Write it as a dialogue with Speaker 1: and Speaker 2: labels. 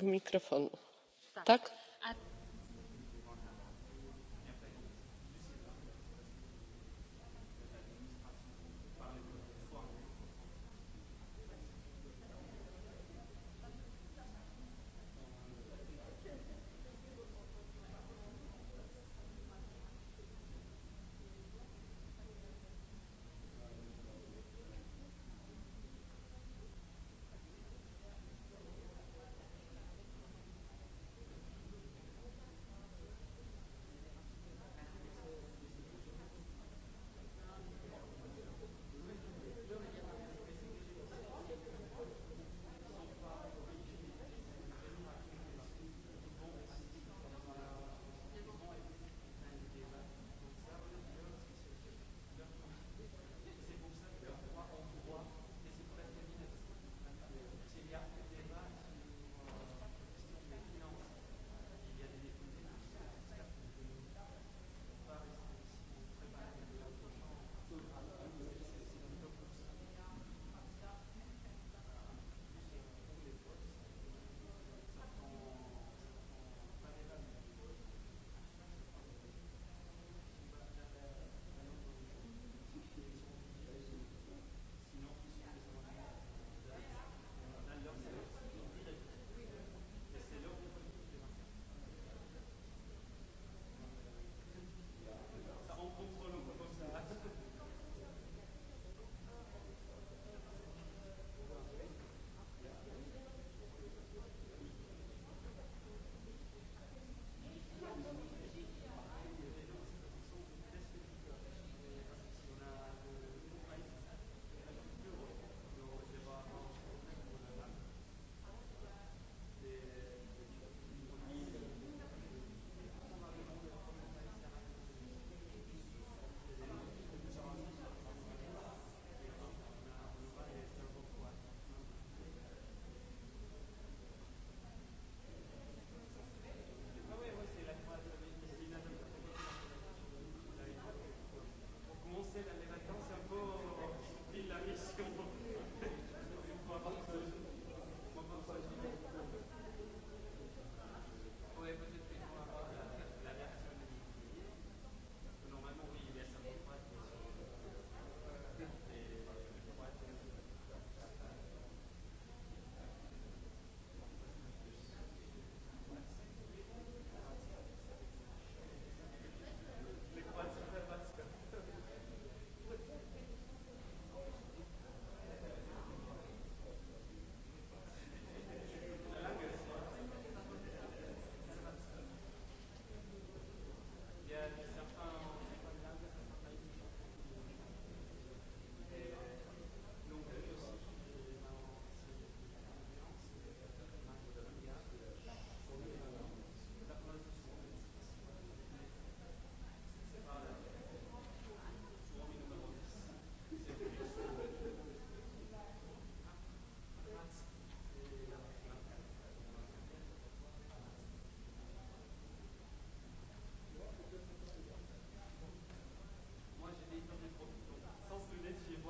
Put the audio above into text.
Speaker 1: domnule președinte doamnă comisar